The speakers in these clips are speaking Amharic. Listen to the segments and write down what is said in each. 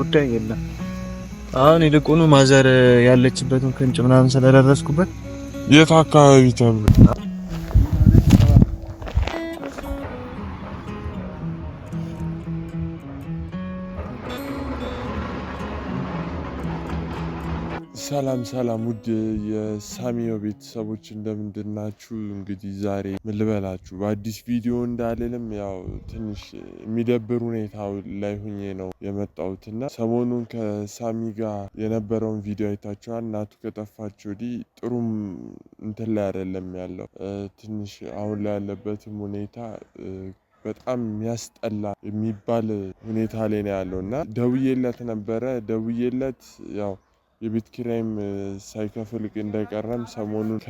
ጉዳይ የለም። አሁን ይልቁኑ ማዘር ያለችበትን ክንጭ ምናምን ስለደረስኩበት የት አካባቢ ተብሎ ሰላም ሰላም ውድ የሳሚዮ ቤተሰቦች ናችሁ? እንግዲህ ዛሬ ምን ልበላችሁ በአዲስ ቪዲዮ እንዳልልም ያው ትንሽ የሚደብር ሁኔታ ላይ ሁኜ ነው የመጣሁትና ሰሞኑን ከሳሚ ጋር የነበረውን ቪዲዮ አይታችኋል። እናቱ ከጠፋች ወዲህ ጥሩም እንትን ላይ አይደለም ያለው ትንሽ አሁን ላይ ያለበትም ሁኔታ በጣም የሚያስጠላ የሚባል ሁኔታ ላይ ነው ያለው እና ደውዬለት ነበረ ደውዬለት ያው የቤት ኪራይም ሳይከፍል እንደቀረም ሰሞኑን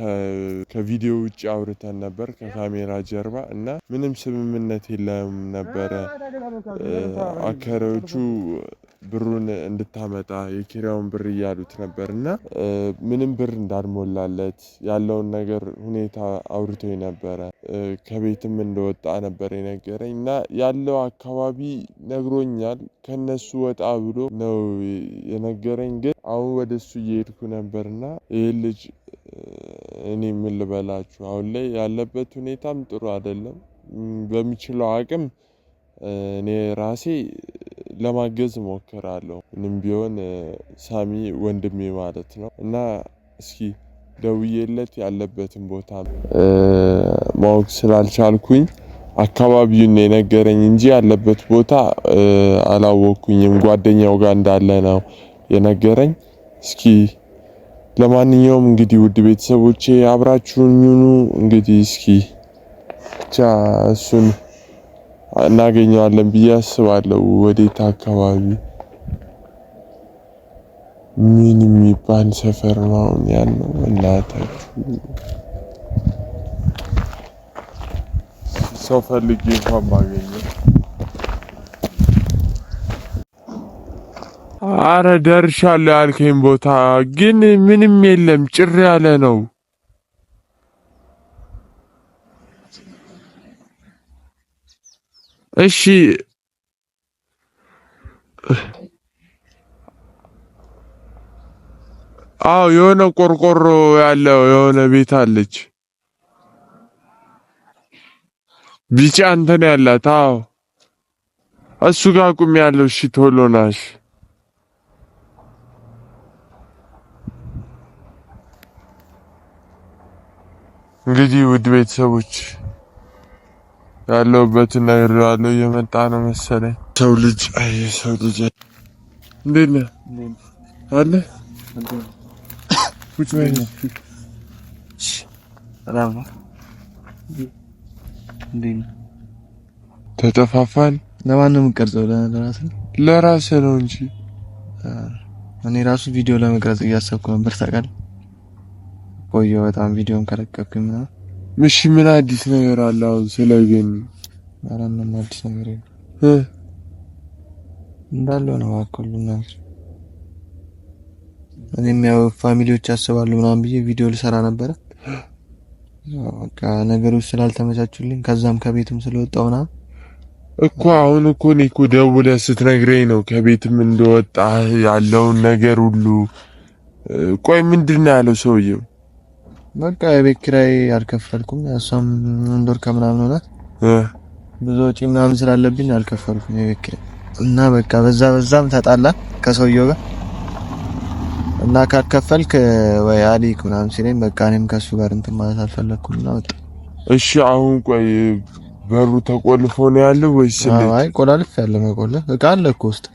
ከቪዲዮ ውጭ አውርተን ነበር ከካሜራ ጀርባ እና ምንም ስምምነት የለም ነበረ አከራዮቹ ብሩን እንድታመጣ የኪራዩን ብር እያሉት ነበር እና ምንም ብር እንዳልሞላለት ያለውን ነገር ሁኔታ አውርቶኝ ነበረ። ከቤትም እንደወጣ ነበር የነገረኝ እና ያለው አካባቢ ነግሮኛል። ከነሱ ወጣ ብሎ ነው የነገረኝ። ግን አሁን ወደ እሱ እየሄድኩ ነበር እና ይህ ልጅ እኔ ምን ልበላችሁ፣ አሁን ላይ ያለበት ሁኔታም ጥሩ አይደለም። በሚችለው አቅም እኔ ራሴ ለማገዝ እሞክራለሁ። ምንም ቢሆን ሳሚ ወንድሜ ማለት ነው እና እስኪ ደውዬለት ያለበትን ቦታ ማወቅ ስላልቻልኩኝ አካባቢውን የነገረኝ እንጂ ያለበት ቦታ አላወቅኩኝም። ጓደኛው ጋር እንዳለ ነው የነገረኝ። እስኪ ለማንኛውም እንግዲህ ውድ ቤተሰቦቼ አብራችሁን እንግዲህ እስኪ ብቻ እሱን እናገኘዋለን ብዬ አስባለሁ። ወዴት አካባቢ ምን የሚባል ሰፈር ነው ያለው? እናታችሁ ሰው ፈልጌ እንኳን ባገኘ። አረ ደርሻለሁ ያልከኝ ቦታ ግን ምንም የለም፣ ጭር ያለ ነው። እሺ አዎ የሆነ ቆርቆሮ ያለው የሆነ ቤት አለች። ቢጫ እንትን ያላት አዎ፣ እሱ ጋር ቁም ያለው። እሺ ቶሎ ናሽ። እንግዲህ ውድ ቤተሰቦች ያለሁበትን ነግሬዋለሁ። እየመጣ ነው መሰለኝ። ሰው ልጅ አይ ሰው ልጅ እንዴት ነህ አለ ቁጭ በይ ነው ተጠፋፋን። ለማን ነው የምትቀርጸው? ለራስህ ለራስህ ነው እንጂ እኔ ራሱ ቪዲዮ ለመቅረጽ እያሰብኩ ነበር ታውቃለህ። ቆየሁ በጣም ቪዲዮን ከለቀኩኝ ምናምን ምሽ ምን አዲስ ነገር አለ? አሁን ስለ ገኒ ኧረ ምንም አዲስ ነገር የለም እ እንዳለው ነው አከሉ ነገር እኔም ያው ፋሚሊዎች ያስባሉ ምናምን ብዬ ቪዲዮ ልሰራ ነበረ። በቃ ነገሮች ስላልተመቻቹልኝ ከዛም ከቤትም ስለወጣው እኮ አሁን እኮ እኔ እኮ ደውለህ ስትነግረኝ ነው ከቤትም እንደወጣ ያለውን ነገር ሁሉ። ቆይ ምንድን ነው ያለው ሰውየው? በቃ የቤት ኪራይ አልከፈልኩም። እሷም እንዶር ከምናምን ሆናት። ብዙ ወጪ ምናምን ስላለብኝ አልከፈልኩም የቤት ኪራይ እና በቃ በዛ በዛም ተጣላን ከሰውየው ጋር እና ካልከፈልክ ወይ አሊክ ምናምን ሲለኝ በቃ እኔም ከሱ ጋር እንትን ማለት አልፈለኩም እና ወጣ። እሺ አሁን ቆይ በሩ ተቆልፎ ነው ያለው ወይስ? አይ ቆላልፍ ያለ መቆለፍ እቃ አለ እኮ ውስጥ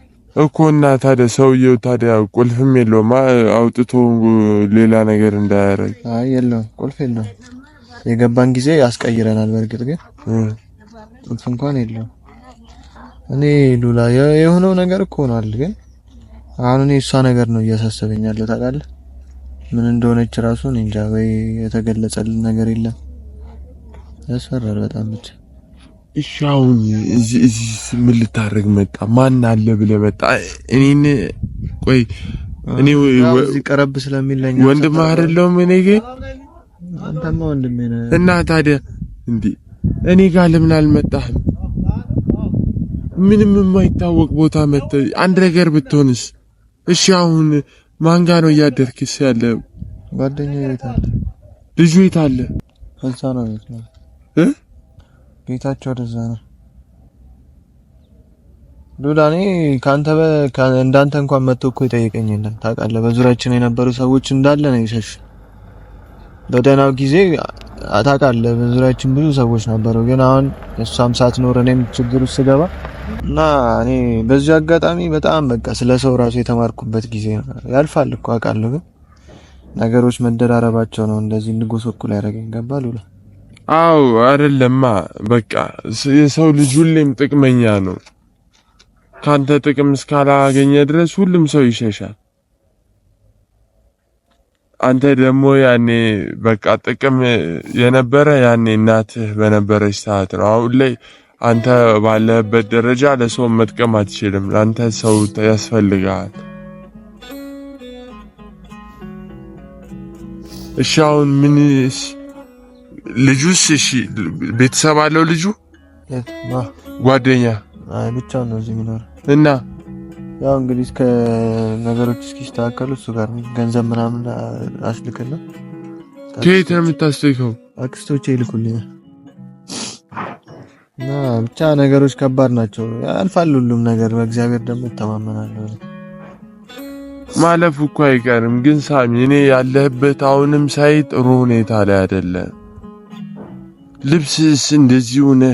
እኮ እና ታዲያ ሰውየው ታዲያ ቁልፍም የለውም አውጥቶ ሌላ ነገር እንዳያደርግ። አይ የለውም፣ ቁልፍ የለውም። የገባን ጊዜ ያስቀይረናል። በእርግጥ ግን ቁልፍ እንኳን የለውም። እኔ ሉላ የሆነው ነገር እኮ ሆኗል። ግን አሁን እኔ እሷ ነገር ነው እያሳሰበኝ ያለው ታውቃለህ። ምን እንደሆነች ራሱ እንጃ። ወይ የተገለጸልን ነገር የለም። ያስፈራል በጣም ብቻ እሺ አሁን እዚህ ምን ልታደርግ መጣ? ማን አለ ብለህ መጣ? እኔን ቆይ እኔ እዚህ ቀረብ ስለሚለኝ ወንድምህ አይደለሁም እኔ ግን አንተማ ወንድሜ ነህ። እና ታዲያ እንዴ እኔ ጋር ለምን አልመጣህም? ምንም የማይታወቅ ቦታ መጥተህ አንድ ነገር ብትሆንስ? እሺ አሁን ማን ጋር ነው እያደርክስ ያለ? ጓደኛዬ የት አለ? ልጁ የት አለ? አንሳ ነው እ ጌታቸው ወደዛ ነው። ሉላ እኔ ካንተ እንዳንተ እንኳን መጥቶ እኮ የጠየቀኝ የለም ታውቃለህ። በዙሪያችን የነበሩ ሰዎች እንዳለ ነው ይሸሽ በደህናው ጊዜ ታውቃለህ፣ በዙሪያችን ብዙ ሰዎች ነበሩ። ግን አሁን እሷም ሳትኖር እኔም ችግር ውስጥ ስገባ እና እኔ በዚህ አጋጣሚ በጣም በቃ ስለ ሰው ራሱ የተማርኩበት ጊዜ ነው። ያልፋል እኮ አውቃለሁ፣ ግን ነገሮች መደራረባቸው ነው እንደዚህ ንጉስ እኩል ያደረገኝ። ገባ ሉላ አው አይደለማ። በቃ የሰው ልጅ ሁሌም ጥቅመኛ ነው። ካንተ ጥቅም እስካላገኘ ድረስ ሁሉም ሰው ይሸሻል። አንተ ደግሞ ያኔ በቃ ጥቅም የነበረ ያኔ እናትህ በነበረች ሰዓት ነው። አሁን ላይ አንተ ባለህበት ደረጃ ለሰው መጥቀም አትችልም። ለአንተ ሰው ያስፈልጋል እሺ አሁን ምንስ ልጁስ? እሺ ቤተሰብ አለው ልጁ? ጓደኛ ብቻ ነው እዚህ የሚኖረው እና ያው እንግዲህ ከነገሮች ነገሮች እስኪስተካከሉ እሱ ጋር ገንዘብ ምናምን አስልክና ከየት ነው የምታስልከው? አክስቶቼ ይልኩልኛል። እና ብቻ ነገሮች ከባድ ናቸው። ያልፋል ሁሉም ነገር። በእግዚአብሔር ደግሞ እተማመናለሁ። ማለፉ እኮ አይቀርም። ግን ሳሚ፣ እኔ ያለህበት አሁንም ሳይ ጥሩ ሁኔታ ላይ አይደለም። ልብስስ እንደዚህ ሆነ።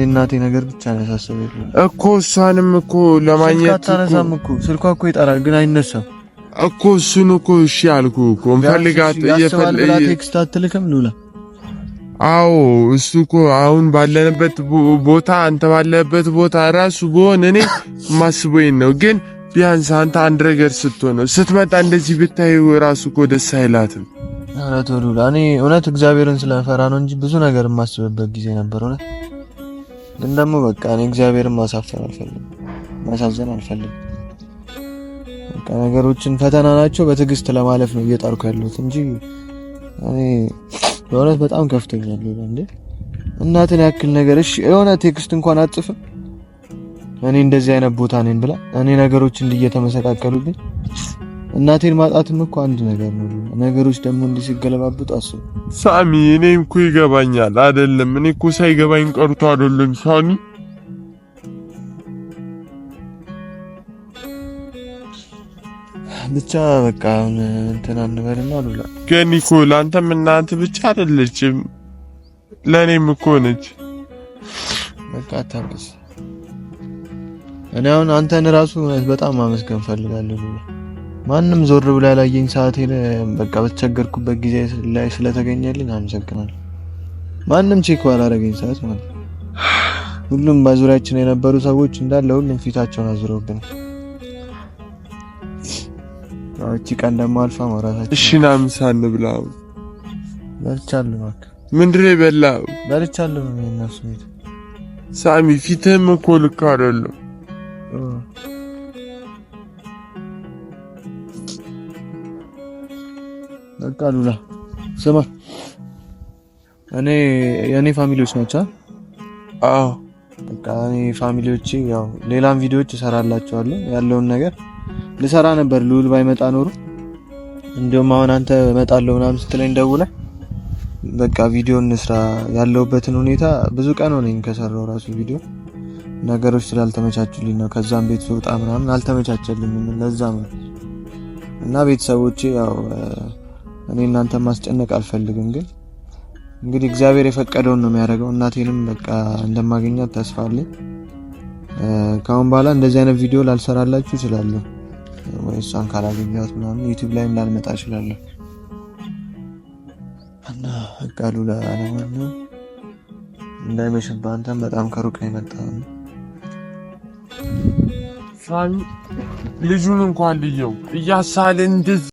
የእናቴ ነገር ብቻ ነው ያሳሰበኝ እኮ እሷንም እኮ ለማግኘት ታነሳም እኮ ስልኳ እኮ ይጠራል ግን አይነሳም እኮ እሱን እኮ እሺ አልኩ እኮ እንፈልጋት እየፈለገ ቴክስት አትልክም ሉላ አዎ እሱ እኮ አሁን ባለንበት ቦታ አንተ ባለበት ቦታ ራሱ ብሆን እኔ ማስቦይን ነው ግን ቢያንስ አንተ አንድ ነገር ስትሆን ነው ስትመጣ እንደዚህ ብታይ ራሱ እኮ ደስ አይላትም ኧረ እኔ እውነት እግዚአብሔርን ስለፈራ ነው እንጂ ብዙ ነገር የማስብበት ጊዜ ነበር። እውነት ግን ደግሞ በቃ እኔ እግዚአብሔርን ማሳፈር አልፈልግም፣ ማሳዘን አልፈልግም። በቃ ነገሮችን ፈተና ናቸው በትዕግስት ለማለፍ ነው እየጣርኩ ያለሁት እንጂ እኔ በእውነት በጣም ከፍቶኛል። እንዴ እናትን ያክል ነገር እሺ፣ የሆነ ቴክስት እንኳን አጥፍም እኔ እንደዚህ አይነት ቦታ ነኝ ብላ እኔ ነገሮች እንዲህ እየተመሰቃቀሉብኝ እናቴን ማጣትም እኮ አንድ ነገር ነው። ነገሮች ደግሞ እንዲህ ሲገለባብጡ አስቡ። ሳሚ እኔ እኮ ይገባኛል አይደለም። እኔ እኮ ሳይገባኝ ቀርቶ አይደለም ሳሚ። ብቻ በቃ አሁን እንትን አንበልና አሉላ ግን እኮ ለአንተም እናት ብቻ አይደለችም ለእኔም እኮ ነች። በቃ አታብስ። እኔ አሁን አንተን ራሱ በጣም ማመስገን ፈልጋለሁ ሉላ ማንም ዞር ብላ ያላየኝ ሰዓቴን በቃ በተቸገርኩበት ጊዜ ላይ ስለተገኘልኝ አመሰግናል። ማንም ቼክ ባላረገኝ ሰዓት ማለት ሁሉም በዙሪያችን የነበሩ ሰዎች እንዳለ ሁሉም ፊታቸውን አዙረውብን እቺ ቀን ደግሞ አልፋ ማራታችን። እሺ ና ምሳ እንብላ። በልቻለሁ። እባክህ ምንድን ነው የበላኸው? በልቻለሁ። ሳሚ ፊትህም እኮ ልክ አይደለም። በቃ ሉላ ስማ፣ እኔ የእኔ ፋሚሊዎች ናቸው። አዎ በቃ እኔ ፋሚሊዎች ያው ሌላም ቪዲዮዎች እሰራላችኋለሁ ያለውን ነገር ልሰራ ነበር ሉል ባይመጣ ኖሮ። እንዲሁም አሁን አንተ እመጣለሁ ምናምን ስትለኝ ደውለህ በቃ ቪዲዮ እንስራ ያለውበትን ሁኔታ ብዙ ቀን ሆነኝ ከሰራው ራሱ ቪዲዮ ነገሮች ስላልተመቻቹልኝ ነው። ከዛም ቤት ስወጣ ምናምን አልተመቻቸልኝም ለዛም ነው እና ቤተሰቦቼ ያው እኔ እናንተ ማስጨነቅ አልፈልግም፣ ግን እንግዲህ እግዚአብሔር የፈቀደውን ነው የሚያደርገው። እናቴንም በቃ እንደማገኛት ተስፋ አለኝ። ከአሁን በኋላ እንደዚህ አይነት ቪዲዮ ላልሰራላችሁ እችላለሁ፣ ወይ እሷን ካላገኘኋት ምናምን ዩቲዩብ ላይ እንዳልመጣ እችላለሁ። እና እቃሉ ለአለማና እንዳይመሽን በአንተም በጣም ከሩቅ የመጣ ልጁን እንኳን ልየው እያሳለ እንደዚህ